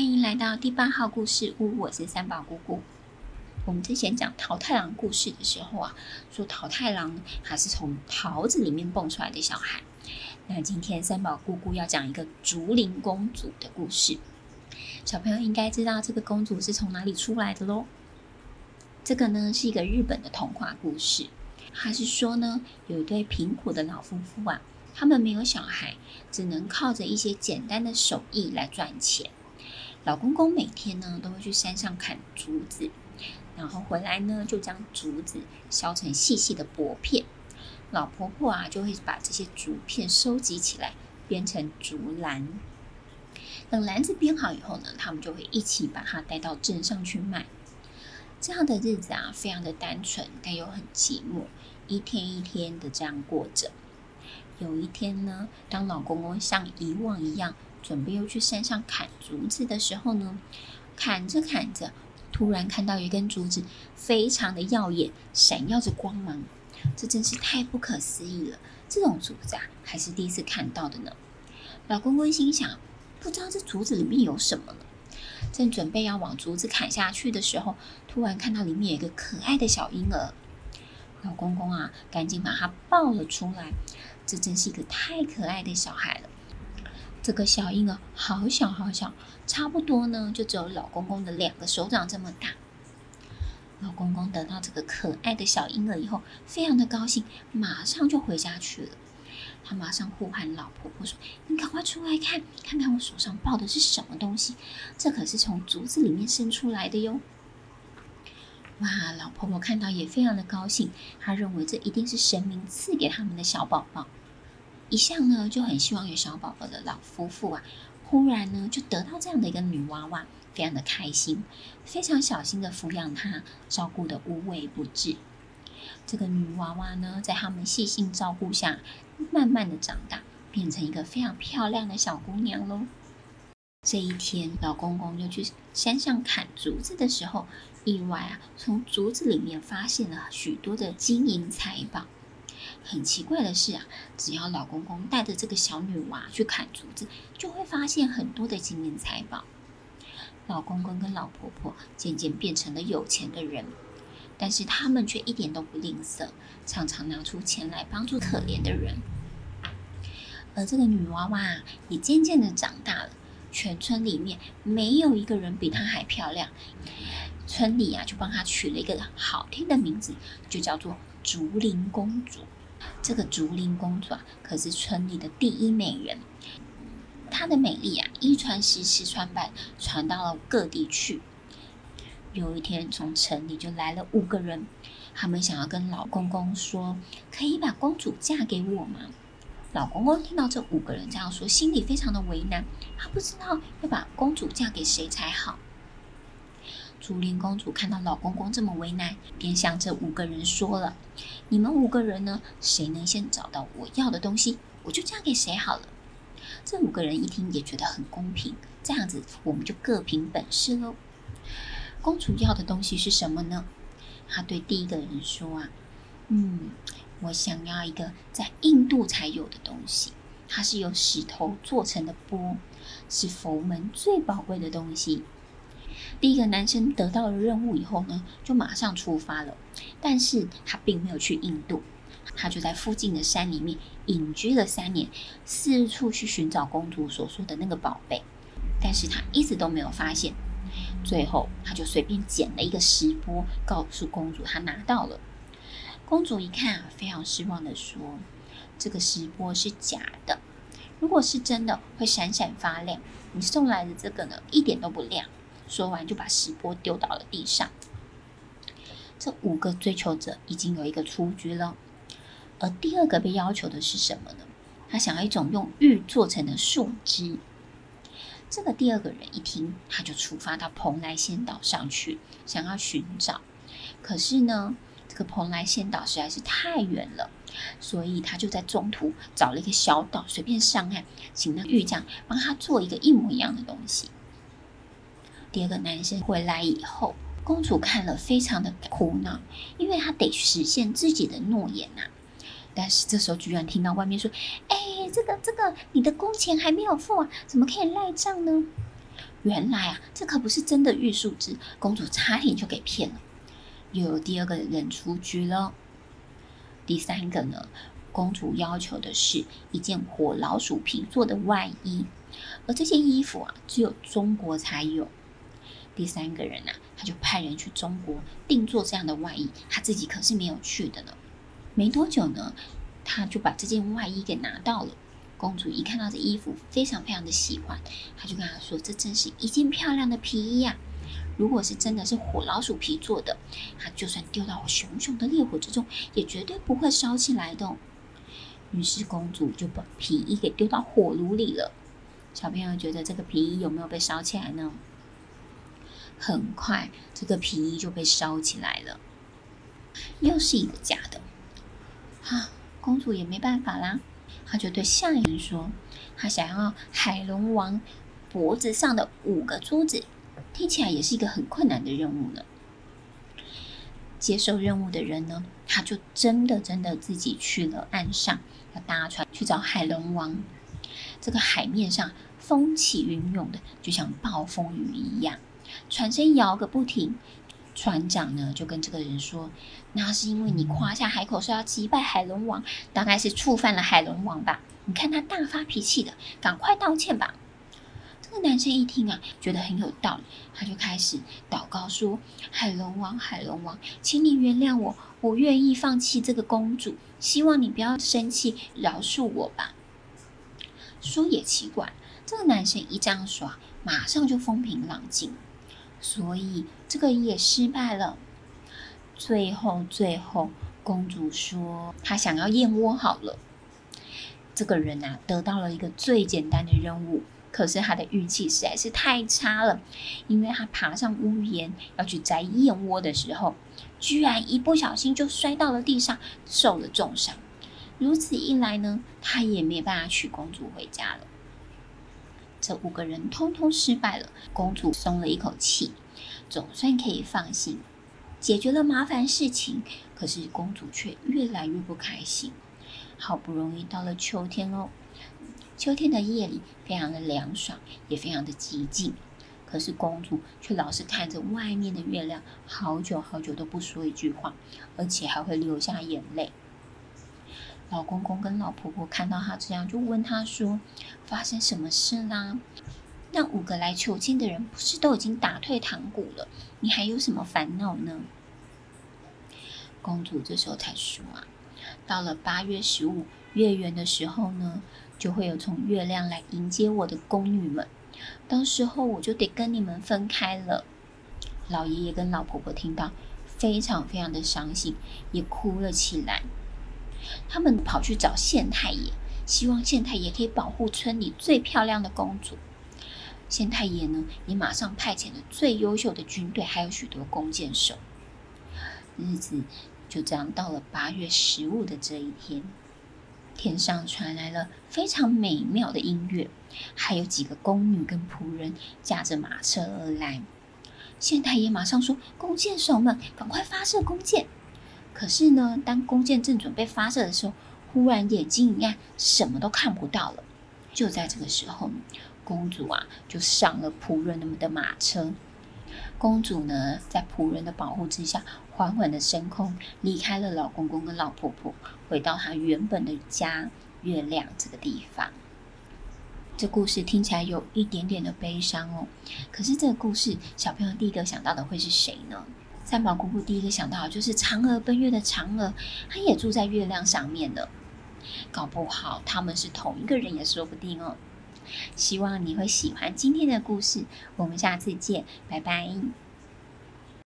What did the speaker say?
歡迎來到第八號故事屋，我是三寶姑姑。我們之前講桃太郎故事的時候啊，說桃太郎他是從桃子裡面蹦出來的小孩。那今天三寶姑姑要講一個竹林公主的故事。小朋友應該知道這個公主是從哪裡出來的嘍？這個呢是一個日本的童話故事。他是說呢，有一對貧苦的老夫婦啊，他們沒有小孩，只能靠着一些簡單的手藝來賺錢。老公公每天呢都會去山上砍竹子，然後回來呢就將竹子削成細細的薄片，老婆婆啊就會把這些竹片收集起來編成竹籃。等籃子編好以後呢，他們就會一起把它帶到鎮上去賣。這樣的日子啊，非常的單純，但又很寂寞，一天一天的這樣過着。有一天呢，當老公公像以往一樣，準備又去山上砍竹子的時候呢，砍着砍着，突然看到一根竹子，非常的耀眼，閃耀着光芒，這真是太不可思議了！這種竹子啊，還是第一次看到的呢。老公公心想，不知道這竹子裡面有什麼呢？正準備要往竹子砍下去的時候，突然看到裡面有一個可愛的小嬰兒。老公公啊，趕緊把它抱了出來，這真是一個太可愛的小孩了。這個小嬰兒好小好小，差不多呢，就只有老公公的兩個手掌這麼大。老公公得到這個可愛的小嬰兒以後，非常的高興，馬上就回家去了。他馬上呼喊老婆婆說：“你趕快出來看，看看我手上抱的是什麼東西？這可是從竹子裡面生出來的喲！”哇，老婆婆看到也非常的高興，她認為這一定是神明賜給他們的小寶寶。一向呢就很希望有小寶寶的老夫婦啊，忽然呢就得到這樣的一個女娃娃，非常的開心，非常小心的撫養她，照顧得無微不至。這個女娃娃呢，在他們細心照顧下，慢慢的長大，變成一個非常漂亮的小姑娘嘍。這一天，老公公就去山上砍竹子的時候，意外啊，從竹子裡面發現了許多的金銀財寶。很奇怪的是啊，只要老公公帶着這個小女娃去砍竹子，就會發現很多的金銀財寶。老公公跟老婆婆漸漸變成了有錢的人，但是他們卻一點都不吝嗇，常常拿出錢來幫助可憐的人。而這個女娃娃啊，也漸漸的長大了，全村裡面沒有一個人比她還漂亮。村裡啊，就幫她取了一個好聽的名字，就叫做竹林公主。這個竹林公主啊，可是村裡的第一美人。她的美麗啊，一傳十，十傳百，傳到了各地去。有一天，從城裡就來了五個人，他們想要跟老公公說：“可以把公主嫁給我嗎？”老公公聽到這五個人這樣說，心裡非常的為難，他不知道要把公主嫁給誰才好。竹林公主看到老公公這麼為難，便向這五個人說了：“你們五個人呢，誰能先找到我要的東西，我就嫁給誰好了。”這五個人一聽也覺得很公平，這樣子我們就各憑本事嘍。公主要的東西是什麼呢？她對第一個人說：“啊，嗯，我想要一個在印度才有的東西，它是由石頭做成的缽，是佛門最寶貴的東西。”第一個男生得到了任務以後呢，就馬上出發了，但是他並沒有去印度，他就在附近的山裡面隱居了三年，四處去尋找公主所說的那個寶貝，但是他一直都沒有發現，最後他就隨便撿了一個石缽，告訴公主他拿到了。公主一看啊，非常失望地說：“這個石缽是假的，如果是真的會閃閃發亮，你送來的這個呢，一點都不亮。”說完，就把石缽丟到了地上。這五個追求者已經有一個出局了，而第二個被要求的是什麼呢？他想要一種用玉做成的樹枝。這個第二個人一聽，他就出發到蓬萊仙島上去，想要尋找。可是呢，這個蓬萊仙島實在是太遠了，所以他就在中途找了一個小島，隨便上岸，請那玉匠幫他做一個一模一樣的東西。第二個男生回來以後，公主看了非常的苦惱，因為她得實現自己的諾言吶啊。但是這時候居然聽到外面說：“哎，這個這個，你的工錢還沒有付啊？怎麼可以賴賬呢？”原來啊，這可不是真的玉樹枝，公主差點就給騙了。又有第二個人出局了。第三個呢，公主要求的是一件火老鼠皮做的外衣，而這件衣服啊，只有中國才有。第三個人吶，他就派人去中國定做這樣的外衣，他自己可是沒有去的呢。沒多久呢，他就把這件外衣給拿到了。公主一看到這衣服，非常非常的喜歡，她就跟他說：“這真是一件漂亮的皮衣呀！如果是真的是火老鼠皮做的，它就算丟到我熊熊的烈火之中，也絕對不會燒起來的。”於是公主就把皮衣給丟到火爐裡了。小朋友覺得這個皮衣有沒有被燒起來呢？很快，這個皮衣就被燒起來了。又是一個假的，啊，公主也沒辦法啦，她就對下人說：“她想要海龍王脖子上的五個珠子。”聽起來也是一個很困難的任務呢。接受任務的人呢，他就真的真的自己去了岸上，要搭船去找海龍王。這個海面上風起雲湧的，就像暴風雨一樣。船身搖個不停，船長呢就跟這個人說：“那是因為你誇下海口說要擊敗海龍王，大概是觸犯了海龍王吧？你看他大發脾氣的，趕快道歉吧。”這個男生一聽啊，覺得很有道理，他就開始禱告說：“海龍王，海龍王，請你原諒我，我願意放棄這個公主，希望你不要生氣，饒恕我吧。”說也奇怪，這個男生一這樣說啊，馬上就風平浪靜。所以這個也失敗了。最後，最後，公主說她想要燕窩好了。這個人啊，得到了一個最簡單的任務，可是他的運氣實在是太差了，因為他爬上屋檐要去摘燕窩的時候，居然一不小心就摔到了地上，受了重傷。如此一來呢，他也沒辦法娶公主回家了。這五個人通通失敗了，公主鬆了一口氣，總算可以放心解決了麻煩事情。可是公主卻越來越不開心。好不容易到了秋天哦，秋天的夜裡非常的涼爽，也非常的寂靜。可是公主卻老是看着外面的月亮，好久好久都不說一句話，而且還會流下眼淚。老公公跟老婆婆看到他這樣，就問他說：“發生什麼事啦？那五個來求親的人不是都已經打退堂鼓了？你還有什麼煩惱呢？”公主這時候才說：“啊，到了八月十五，月圓的時候呢，就會有從月亮來迎接我的宮女們，到時候我就得跟你們分開了。”老爺爺跟老婆婆聽到，非常非常的傷心，也哭了起來。他們跑去找縣太爺，希望縣太爺可以保護村裡最漂亮的公主。縣太爺呢，也馬上派遣了最優秀的軍隊，還有許多弓箭手。日子就這樣到了八月十五的這一天，天上傳來了非常美妙的音樂，還有幾個宮女跟僕人駕着馬車而來。縣太爺馬上說：“弓箭手們，趕快發射弓箭！”可是呢，當弓箭正準備發射的時候，忽然眼睛一亮，什麼都看不到了。就在這個時候，公主啊就上了僕人們的馬車。公主呢，在僕人的保護之下，緩緩的升空，離開了老公公跟老婆婆，回到她原本的家——月亮這個地方。這故事聽起來有一點點的悲傷哦。可是這個故事，小朋友第一個想到的會是誰呢？三寶姑姑第一個想到就是嫦娥奔月的嫦娥，她也住在月亮上面呢。搞不好他們是同一個人也說不定哦。希望你會喜歡今天的故事，我們下次見，拜拜。